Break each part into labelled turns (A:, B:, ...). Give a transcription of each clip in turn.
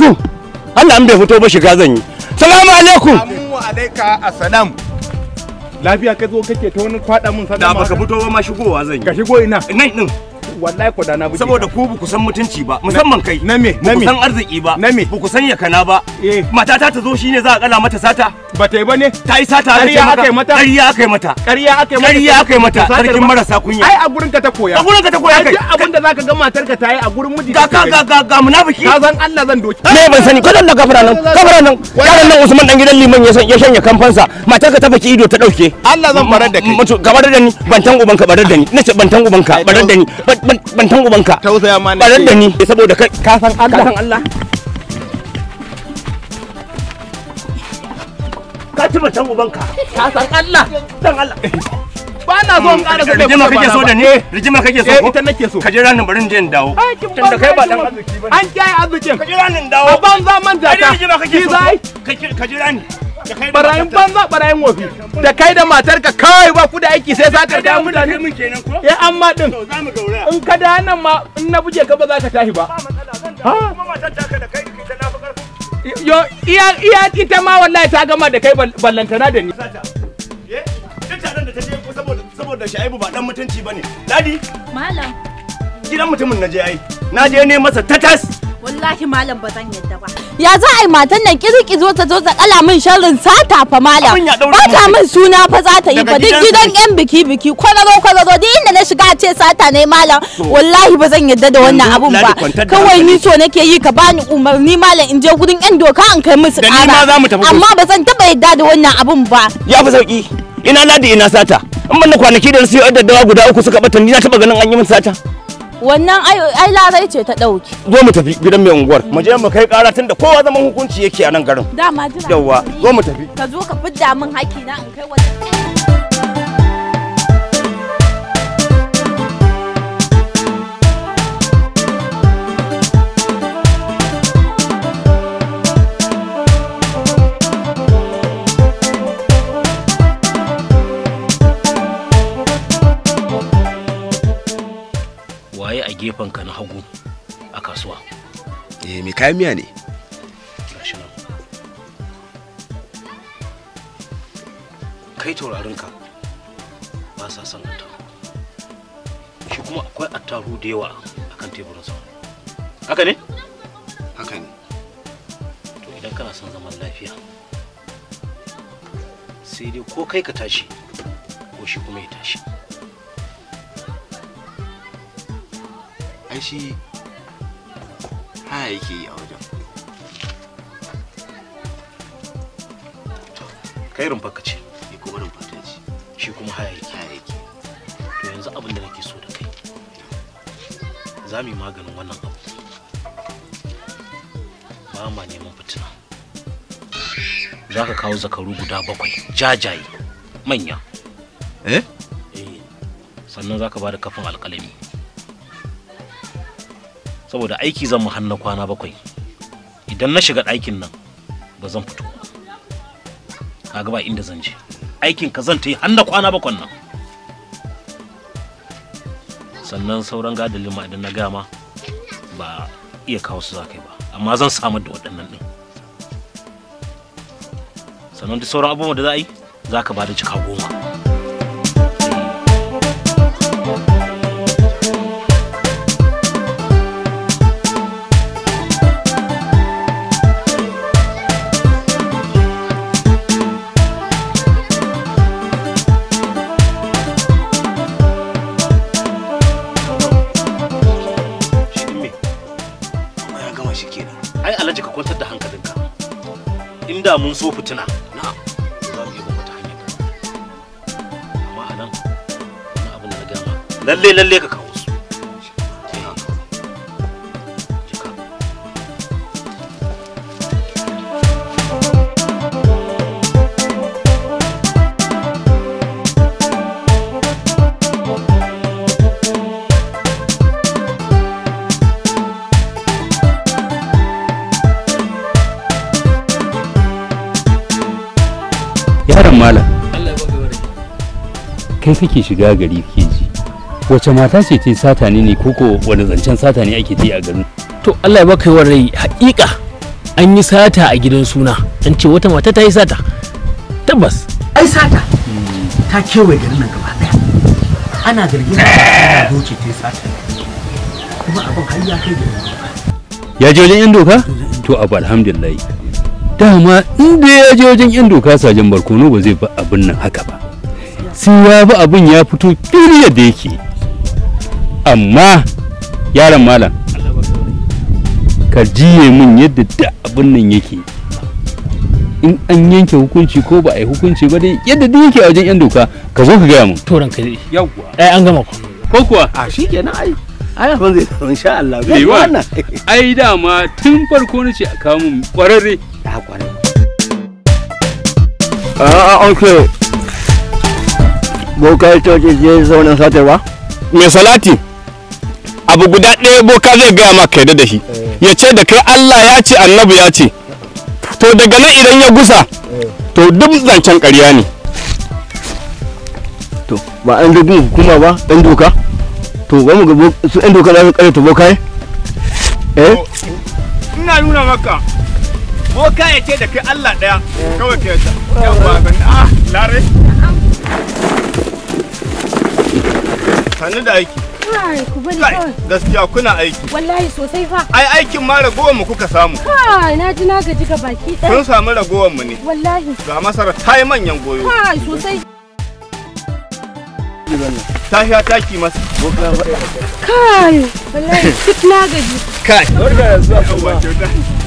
A: ku Allah an bai fito ba shiga zan yi salamu alaikum amu alaika assalam lafiya kai zo kake ta wani kwada mun sallama da baka fito ba ma shigowa zan yi ka shigo ina nan din wallahi ko da na buge saboda ku ku san mutunci ba musamman kai na me na me san arziki ba na me ku san yakana ba eh. mata ta zo shine za a kala mata sata ba ta yi ba ne ta yi sata ya aka yi mata ƙarya aka yi mata ƙarya aka yi mata ƙarya aka yi mata sarkin marasa kunya ai a gurin ka ta koya a gurin ka ta koya kai abinda zaka ga matar ka ta yi a gurin miji ga ga ga ga munafiki ka san Allah zan doki me ban sani ko Allah gafara nan gafara nan yaran nan Usman dan gidan liman ya san ya shanya kamfansa matar ka ta faki ido ta dauke Allah zan barar da kai kamar da ni bantan uban ka barar da ni nace bantan uban ka barar da ni ban tan ubanka tausaya ma ne barar da ni saboda kai ka san Allah ka san Allah ka ci ban tan ubanka ka san Allah dan Allah ba na so in ƙara da rigima kake so da ni rigima kake so eh, ita nake so ka je ranin barin je in dawo tunda kai ba dan arziki bane an kiyaye arzikin je ranin dawo a ban zaman zaka kaje rigima kake ranin barayin banza barayin wofi da kai da matar ka kai ba ku da aiki sai sa ka da mutane mun kenan ko ya eh, amma din in ka da nan ma in na buje ka ba za ka tashi ba ha yo iya iya ita ma wallahi ta gama da kai ballantana da ni ta eh, da je ko saboda saboda shaibu ba dan mutunci bane dadi malam gidan mutumin na je ai na je
B: ne masa tatas wallahi malam ba zan yadda ba ya za a yi matan nan kirki zo ta zo ta kala min sharrin sata fa malam ba ta min suna fa za ta yi fa duk gidan yan biki biki kwararo kwararo duk inda na shiga ce sata ne malam wallahi ba zan yadda da wannan abun ba kawai ni so nake yi ka bani umarni malam in je gurin yan doka in kai musu kara amma ba zan taba yadda da wannan abun ba ya fi sauki ina ladi ina sata in ban da kwanaki
A: da su yi daddawa guda uku suka bata ni na taba ganin an yi min sata
B: wannan ai larai ce ta ɗauki.
A: Zo mu tafi gidan mai unguwar. Mu je mu kai ƙara tunda kowa zaman hukunci yake a nan garin.
B: Dama jira. Yawwa zo mu tafi. Ka zo ka fidda min haƙi na in kai wannan.
A: ka na hagu a kasuwa eh me kayan miya ne kai taurarinka ba sa san attarugu shi kuma akwai attaru da yawa a kan teburinsa haka ne haka ne to idan kana son zaman lafiya sai dai ko kai ka tashi ko shi kuma ya tashi ai shi haya yake yi a wajen kai rumfarka ce ni kuma rumfata ce shi kuma haya yake haya yake to yanzu abin da nake so da kai za mu yi maganin wannan abu ba ma neman fitina za ka kawo zakaru guda bakwai jajaye manya eh, eh sannan za ka ba da kafin alkalami saboda aiki zan mu hannu kwana bakwai idan na shiga ɗakin nan ba zan fito kaga ba inda zan je aikin ka zan ta yi hannu kwana bakwai nan sannan sauran gadalin ma idan na gama ba iya kawo su za kai ba amma zan samar da waɗannan ɗin sannan duk sauran abubuwan da za a yi za ka ba da cika goma so fitina na za mu yi ba wata hanyar amma a nan wani abin da na gama lalle lalle ka kawo kai kake shiga gari ke ji wace mata ce ce sata ne ne koko wani zancen sata ne ake yi a garin to Allah ya baka yawan rai haƙiƙa an yi sata a gidan suna an ce wata mata ta yi sata tabbas ai sata ta kewaye garin nan gaba daya ana zargin da doce ta yi sata kuma abin har ya kai ya je wajen yan doka to abu alhamdulillah dama inda ya je wajen yan doka sajan barkono ba zai ba abin nan haka ba sai ya bi abin ya fito fili yadda yake amma yaron malam ka jiye min yadda da abin nan yake in an yanke hukunci ko ba a yi hukunci ba dai yadda duk yake a wajen yan doka ka zo ka gaya mu to ranka dai yawwa ai an gama ku ko kuwa a shikenan ai ai abin zai san insha Allah bai wannan ai dama tun farko ce a kawo mun kwararre da kwararre uh, a a okay boka coci je zaunin satarwa mai salati abu guda ɗaya boka zai gaya maka yadda da shi eh. ya ce da kai allah ya ce annabi ya ce to daga nan idan ya gusa eh. to duk zancen ƙarya ne to ba an dubu hukuma ba ɗan doka to ba mu ga su ɗan doka za su ƙare ta boka eh ina nuna maka boka ya ce da kai allah ɗaya kawai
B: ke yadda yau ba ga ah lare
A: Sani da aiki.
B: Kai, ku bari kai.
A: Gaskiya kuna aiki.
B: Wallahi sosai fa. Ai
A: aikin ma ragowar mu kuka samu.
B: Kai, na ji na gaji ga baki ɗaya. Kun
A: samu ragowar mu ne. Wallahi. Ga masara ta yi manyan goyo. Kai, sosai. Ta sha taki masa.
B: Kai, wallahi duk na gaji. Kai. Barka da zuwa.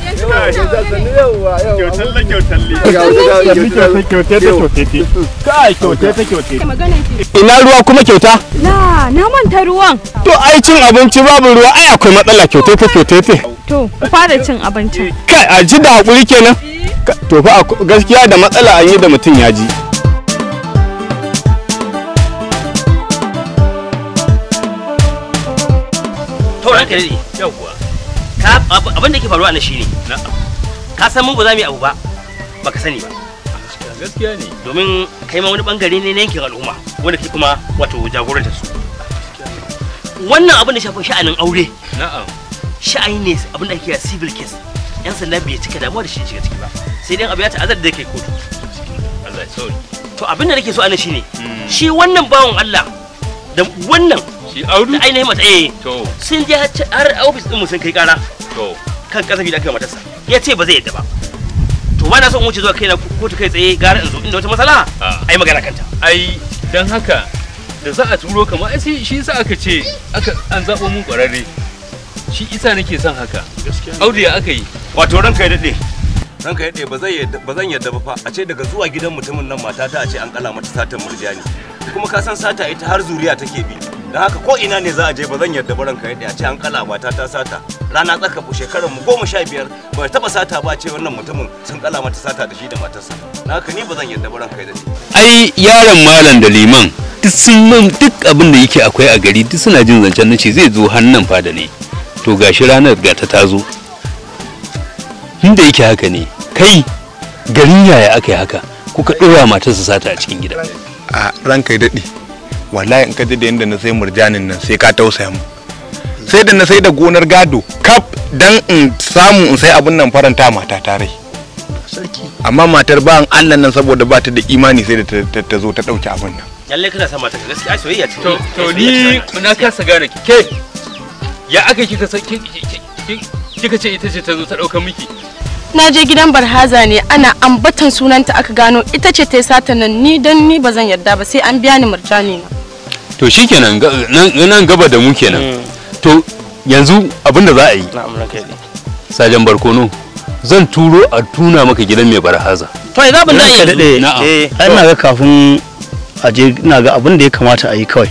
B: ina ruwa kuma kyauta na na manta ruwan
A: to ai cin abinci babu ruwa ai akwai matsala kyautai fa kyautai
B: to ku fara cin abinci
A: kai a ji da hakuri kenan to fa gaskiya da matsala an yi da mutum ya ji to ranka abin da ke faruwa na shi ne ka san mu ba za mu yi abu ba ba ka sani ba gaskiya ne domin kai ma wani bangare ne na yankin al'umma wanda ke kuma wato jagoranta su wannan abin da shafi sha'anin aure na'am sha'ani ne abin da ake kira civil case yan sanda bai cika damuwa da shi shiga ciki ba sai dai abu ya ta'azzar da kai kotu to abin da nake so ana shine hmm. shi wannan bawan Allah da wannan
B: shi audu da ainihin mata eh
A: to sun je har ofis din mu sun kai kara to kan kasafi da aka yi matarsa ya ce ba zai yadda ba to ba na son wuce zuwa kaina na kotu kai tsaye gara in zo inda wata matsala ah. ai magana kanta ai dan haka da za a turo kama ai sai shi yasa aka ce aka an zabo mun kwararre shi isa nake son haka audu ya aka yi wato ranka ya dade ranka ya dade ba zai ba zan yadda ba fa a ce daga zuwa gidan mutumin nan matata a ce an kala mata satan murjani kuma ka san sata ita har zuriya take bi da haka ko ina ne za a je ba zan yarda barin ka yadda a ce an kala mata ta sata rana tsaka ku shekarar mu goma sha biyar ba taba sata ba ce wannan mutumin sun kala mata sata da shi da matarsa na haka ni ba zan yarda kai ka yadda ai yaron malam da liman duk sun man duk abin da yake akwai a gari duk suna jin zancen nace zai zo hannan fada ne to gashi ranar ga ta tazo inda yake haka ne kai garin yaya aka yi haka kuka ɗora matarsa sata a cikin gida a ranka daɗi wallahi in ka ji da yadda na sai murjanin nan sai ka tausaya mu sai da na sai da gonar gado kap dan in samu in sai abun nan faranta mata tare amma matar ba an Allah nan saboda ba ta da imani sai da ta zo ta dauki abun nan lalle kana sa mata gaskiya soyayya ce to ni na kasa gane ke ya aka kika kika ce ita ce ta zo ta dauka miki
B: na je gidan barhaza ne ana ambatan sunanta aka gano ita ce ta yi sata nan ni don ni ba zan yarda ba sai an biya ni murjani na
A: to shikenan nan gaba da mu kenan hmm. to yanzu abinda za a yi sajan barkono zan turo a tuna maka gidan mai barhaza to eh, ai zabin da yanzu eh ina ga kafin a je ina ga abin da ya kamata a yi kawai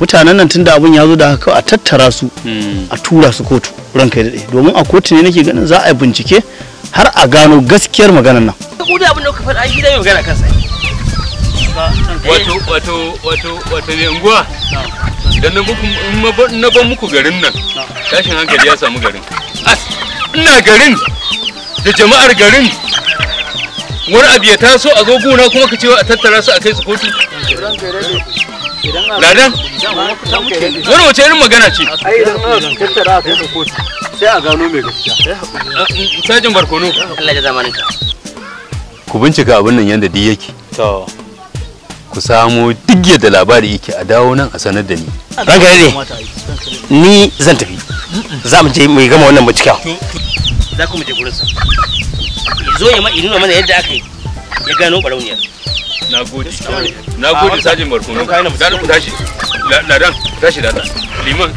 A: mutanen nan tunda abin ya zo da haka a tattara su hmm. a tura su kotu ran kai daɗe domin a kotu ne nake ganin za a bincike har a gano gaskiyar maganar nan. ko da abin da ka faɗa shi da mai magana kansa. wato wato wato yanguwa idan na ban muku garin nan tashin hankali ya samu garin ina garin da jama'ar garin wani abu ya taso a gona kuma ka cewa a tattara su a kai su kotu ladan wani wace irin magana ce ai idan sai a gano mai gaskiya sajin barkono ku bincika abin nan yadda di yake ku samu duk yadda labari yake a dawo nan a sanar da ni ranka ne ni zan tafi za mu je mu gama wannan bincika za ku mu je gurin sa zo ya ma nuna mana yadda aka yi ya gano barauniyar na gode na gode sajin barkono da ku tashi ladan ku tashi ladan liman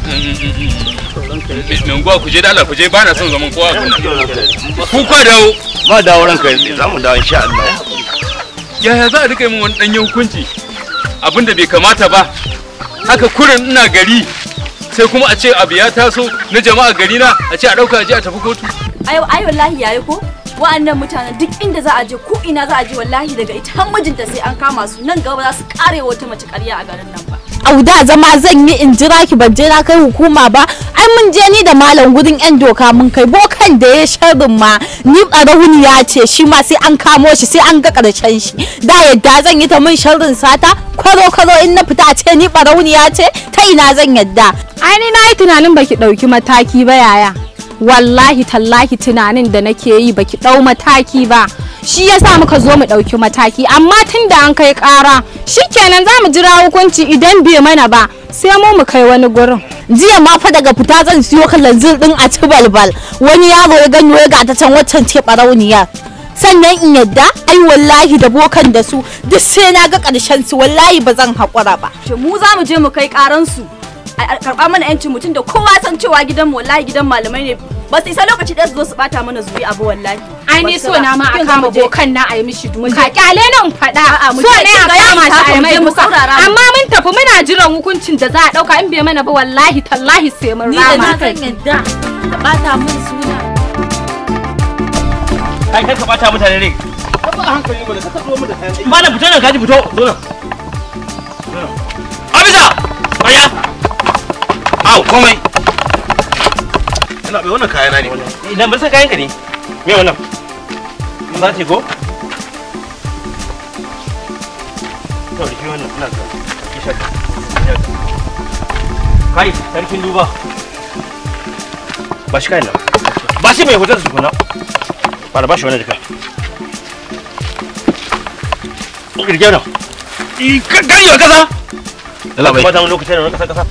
A: Menguwa mm, mm, mm, ku je da Allah ku je bana son zaman kowa ku dawo. ba dawo ranka za mu dawo insha Allah. yaya za a rika min wani ɗanyen hukunci abin bai kamata ba haka kurin ina gari sai kuma a ce abu ya taso na jama'a gari na a ce a ɗauka je a tafi kotu
B: ayo ayo wallahi yayi ko wa'annan mutanen duk inda za a je ko ina za a je wallahi daga ita har mijinta sai an kama su nan gaba za su kare wata mace ƙarya a garin nan auda zama zan yi in jira ki ban jira kai hukuma ba ai mun je ni da malam gudun yan doka mun kai bokan da ya sharrin ma ni barahuni ya ce shi ma sai an kamo shi sai an ga karshen shi da yadda zan yi ta mun sharrin sata kwaro kwaro in na fita ce ni barahuni ya ce ta ina zan yadda ai ni na yi tunanin baki dauki mataki ba yaya wallahi tallahi tunanin da nake yi baki dau mataki ba shi yasa muka zo mu ɗauki mataki amma tun da an kai ƙara shikenan za mu jira hukunci idan bai mana ba sai mu mu kai wani gurin jiya ma fa daga fita zan siyo kalanzir din a ci balbal wani yaro ya gani ya ta can waccan ce barauniya sannan in yadda ai wallahi da bokan da su duk sai na ga karshen su wallahi ba zan haƙura ba mu za mu je mu kai karan su a karba mana yancin mutum da kowa san cewa gidan mu wallahi gidan malamai ne ba su isa lokaci da su zo su bata mana zubi abu wallahi ai ni so na ma a kama bokan na a mishi dumu duka kyale nan faɗa so ne a kama shi a mai duka amma mun tafi muna jiran hukuncin da za a ɗauka in bai mana ba wallahi tallahi sai mun rama ni da ni yadda ka bata mun suna
A: ai kar ka bata mutane ne ka ba hankali mu da ka taɓo mu da kayan aiki fito nan kaji fito zo nan Abisa! Maya! Au, komai! Allah bai wannan kayana ne. Ina mun san kayan ka ne. Me wannan? Mun za ce ko? To da wannan ina Ki shaka. Kai, sarkin duba. Ba shi kayan nan. Ba shi mai hotar su kuna. Ba shi wannan da ka. Kirgiya nan. Gari wa kasa. Yalla bai. Ba ta lokacin da kasa kasa.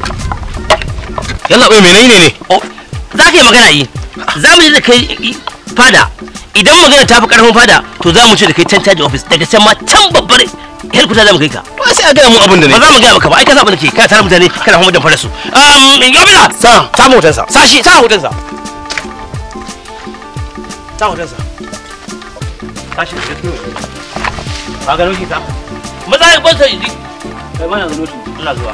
A: Yalla bai menene ne? Oh. za ka yi magana yi za mu je da kai fada idan magana ta fi karfin fada to za mu ce da kai can caji office daga can ma can babbar helkuta za mu kai ka to sai a gaya mu abin da ne ba za mu gaya maka ba ai ka sa abin da ke kana tare mutane kana kuma damfara su um yobila sa sa mu hotonsa sa shi sa hotonsa sa hotansa sa shi da ba ga lokaci ta maza ya sa yi kai ba na zuwa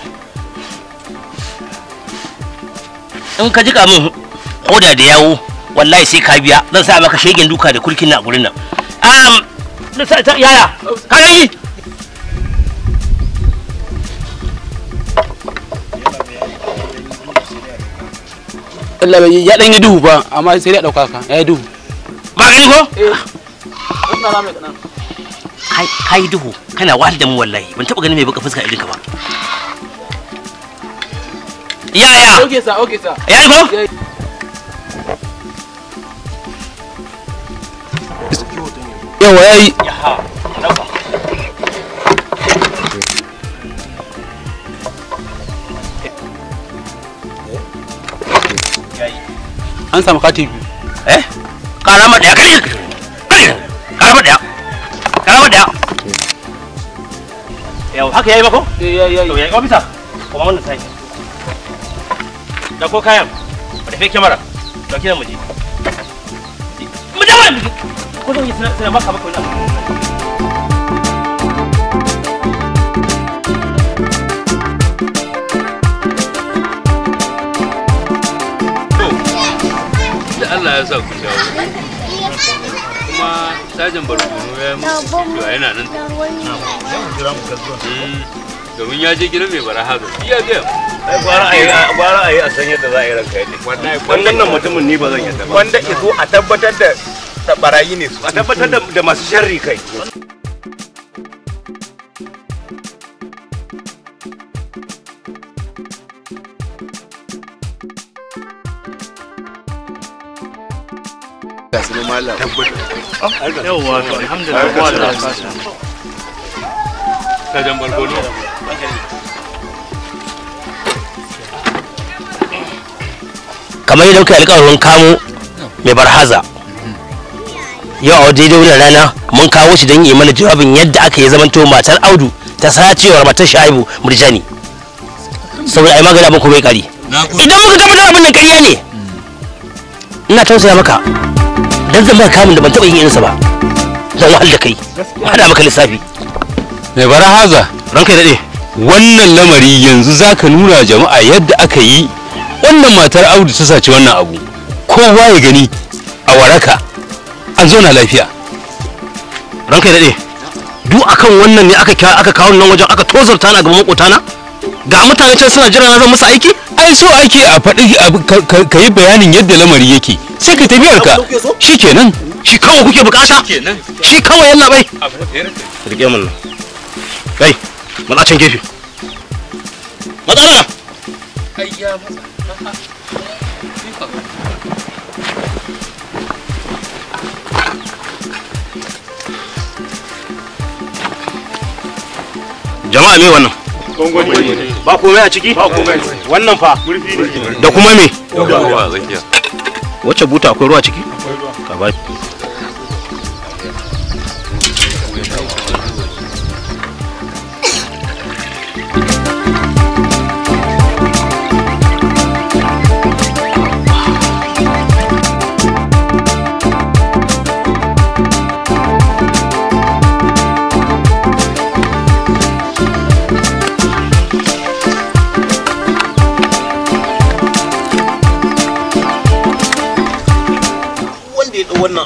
A: in ka jika min hoda da yawo wallahi sai ka biya zan sa maka shegen duka da kulkin na gurin nan um yaya ka gani Allah bai ya dan yi duhu ba amma sai ya dauka ka ya duhu ba gani ko eh kai kai duhu kana wahal da mu wallahi ban taba ganin mai buka fuska irin ka ba ya ya okay sir okay sir Yeah, yayi ko yawa hey. Yeah, samu kati biyu eh karama daya kai karama daya karama daya Yo, haka yayi ba ko eh yayi yayi to bisa. officer kuma mun sai da ko kayan a tafi kyamara da kidan mu je mu je wani ko yi sana sana maka bakwai nan Allah ya sa ku shawo kuma sajin barkono ya mu cewa yana nan da mu jira mu kasuwa domin ya je gidan mai bara hazo iya biya gwara a yi a san da za a yi ranka ne wannan nan mutumin ni ba zan yadda ba wanda izo a tabbatar da da ne su a tabbatar da masu sharri kai gasu ne alhamdulillah barkono kamar yadda muka alƙawarin kamo mai barhaza yau a daidai wannan rana mun kawo shi don yi mana jawabin yadda aka yi to matar audu ta sacewar matar shaibu murjani saboda ai magana muku bai kari idan muka tabbatar abin nan ne ina tausaya maka dan zan maka kamun da ban taɓa yin irinsa ba zan wahal da kai hada maka lissafi mai barahaza ranka daɗe wannan lamari yanzu zaka nuna jama'a yadda aka yi wannan matar audu ta saci wannan abu kowa ya gani a waraka an zauna lafiya ranka ya daɗe duk akan wannan ne aka aka kawo nan wajen aka tozarta na gaban makotana ga mutane can suna jira na zan musu aiki ai so ake a faɗi ka yi bayanin yadda lamari yake sai ka tafiyar ka shikenan shi kawai kuke bukata shi kawai yalla bai rike mun kai a can gefe matsala kai ya matsa jama'a me wannan ba kome a ciki wannan fa da kuma me wace buta akwai ruwa ciki ka ba zai wannan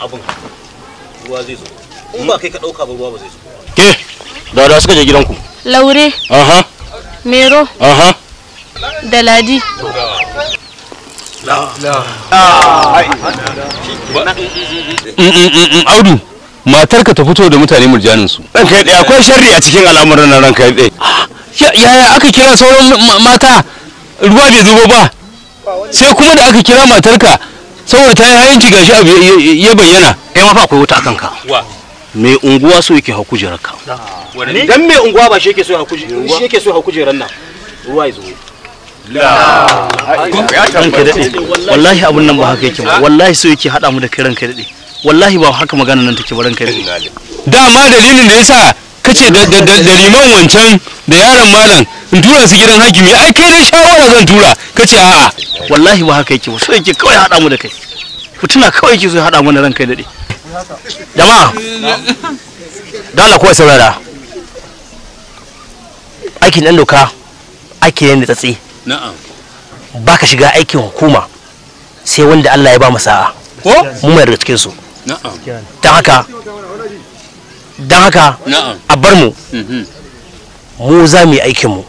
A: ruwa zai zo in ba kai ka ba ruwa ba zai zo ke da da suka je gidanku laure aha
B: mero aha da ladi mm, mm, mm, audu
A: matarka ta fito da mutane murjanin su ranka ɗaya akwai sharri a cikin al'amuran nan ranka ɗaya yaya aka kira sauran mata ruwa bai zubo ba sai kuma da aka kira matarka saboda ta yi hayanci gashi abu ya bayyana kai ma fa akwai wuta akan ka mai unguwa so yake hau kujerar ka dan mai unguwa ba shi yake so hau kujerar shi yake so hau kujerar nan ruwa ya zo wallahi abun nan ba haka yake ba wallahi so yake hada mu da kiran ka dade wallahi ba haka magana nan take ba ranka dade dama dalilin da yasa ka ce da liman wancan da yaron malam in tura su gidan hakimi ai kai dai shawara zan tura ka ce a'a wallahi ba haka yake ba so yake kawai haɗa mu da kai mutuna kawai yake so haɗa mu da ranka daɗe jama'a dala ko saurara aikin ɗan doka ake yin da tsatsi ba ka shiga aikin hukuma sai wanda Allah ya ba masa'a sa'a mu mai daga cikinsu ta haka don haka a bar mu mhm. mu za mu yi aikin mu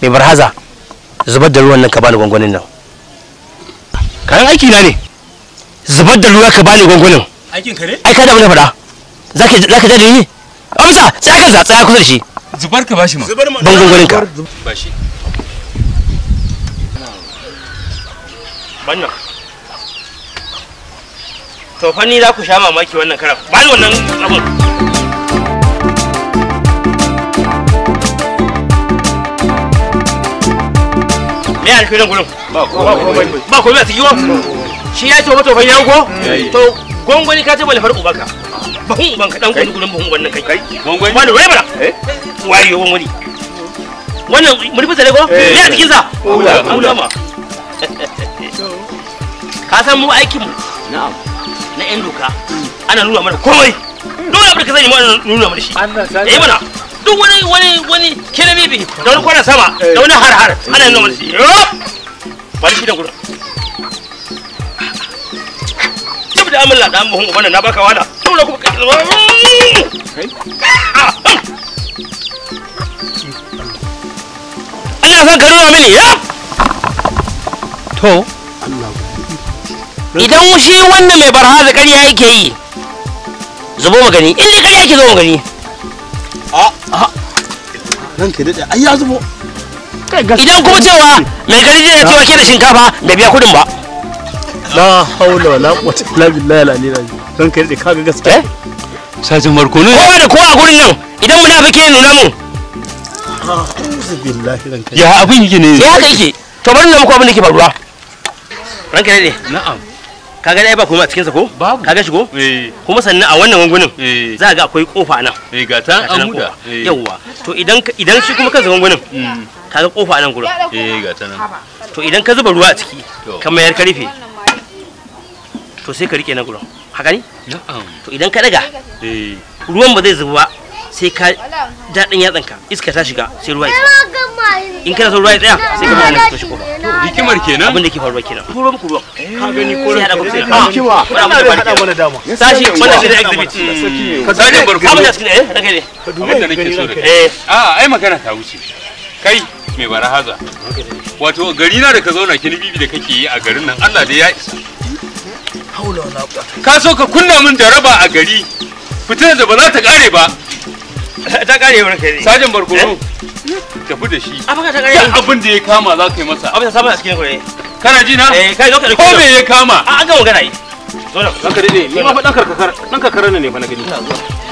A: mai barhaza zubar da ruwan nan ka bani gwangwanin nan kayan aiki na ne zubar da ruwa ka bani gwangwanin aikin ka ne ai ka da mun fada zaka zaka da ni amsa tsaya ka za tsaya kusa da shi zubar ka bashi ma ban gwangwanin ka bashi bannan to fa za ku sha mamaki wannan karan ba ni wannan abin me alfi nan gurin ba ko ba ciki ko shi ya ce mato fanyan ko to gongoni ka ce bale farko baka bahun ubanka dan gudu gurin bahun wannan kai gongoni wani wai bara eh? wariyo gongoni wannan murfi tsare ko eh. me a cikin sa an gama ka san mu aikin mu na'am na yan doka ana nuna mana komai dole abin da ka sani ma ana nuna mana shi eh mana duk wani wani wani kira bibi da wani kwana sama da eh. wani har har ana nuna mana shi eh. bari shi da gurin tabbata amalla da amma hungu wannan na baka wala saboda kuma kai Allah san ka nuna mini ya to idan shi wannan mai barha da ƙarya yake yi zubo mu gani inda ƙarya yake zo mu gani ranka daɗe ai ya zubo idan kuma cewa mai gari da cewa ke da shinkafa da biya kudin ba la haula wala quwwata illa billahi la ilaha illa ranka daɗe kaga gaskiya eh? sajin barkono kowa da kowa a gurin nan idan munafiki ne nuna mu ya abin yake ne ya haka yake to bari na muku abin da ke faruwa ranka daɗe na'am kaga dai ba kuma a cikin sa ko kaga shi ko eh. kuma sannan a wannan wangunin eh. za ga akwai kofa nan eh ga ta an muda eh. yawa to idan idan shi kuma kansa wangunin mm. kaga kofa nan gurin eh ga ta nan to idan ka zuba ruwa a ciki ka mayar ka rufe to sai ka rike nan gurin haka ne to idan ka daga ruwan ba zai zuba sai ka daɗin yatsanka iska ta shiga sai ruwa ya in kana son ruwa ya tsaya sai ka mallaka ka shigo hikimar kenan abin da ke faruwa kenan turo muku ruwa eh, ka gani ko sai hada ku ah, sai hikima wannan zai da wani dama sashi wannan shi da exhibit ka sai da barko abin da suke eh da kai ne dubi da nake so da eh ah, a ai magana ta wuce kai mai barahaza wato gari na da ka zauna kini bibi da kake yi a garin nan Allah da ya isa ka so ka kunna min jaraba a gari fitina da ba za ta kare ba ta kare wurin kai sajin tafi da shi abin da ya kama za ka yi masa abin da sabon a cikin kure kana ji na eh kai ko me ya kama a ga magana yi zo da ranka dade ni ma fa dan karkar dan ne fa na gani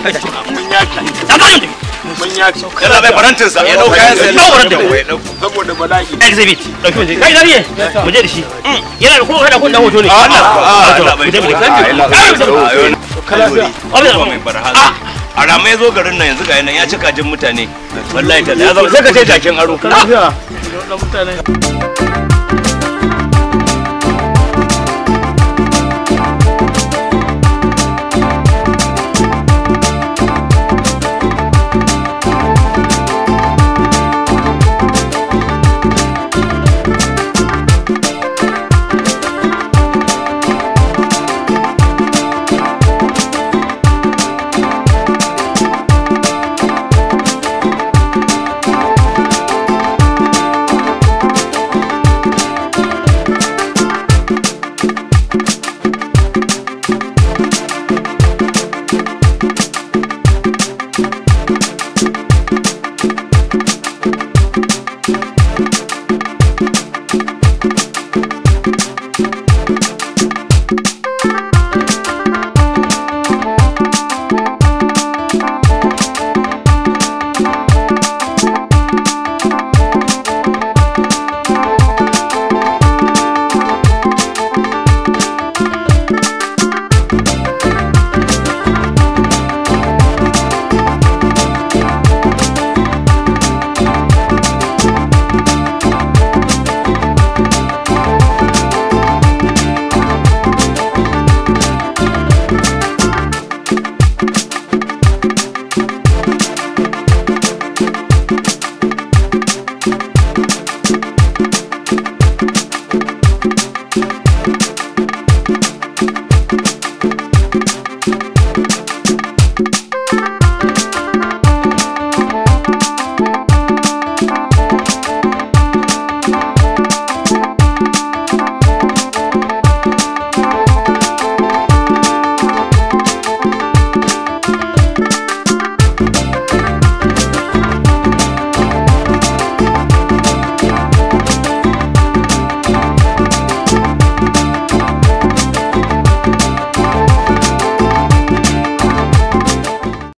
A: kai ta mun ya ki mun ya ki yana bai sa ya wurin da wai saboda exhibit mu je da shi yana da kuma kada kun hoto ne Allah Allah a rama ya zo garin nan yanzu ga yanan ya ci kajin mutane wallahi ta ya zama sai ka ce jakin aro ah!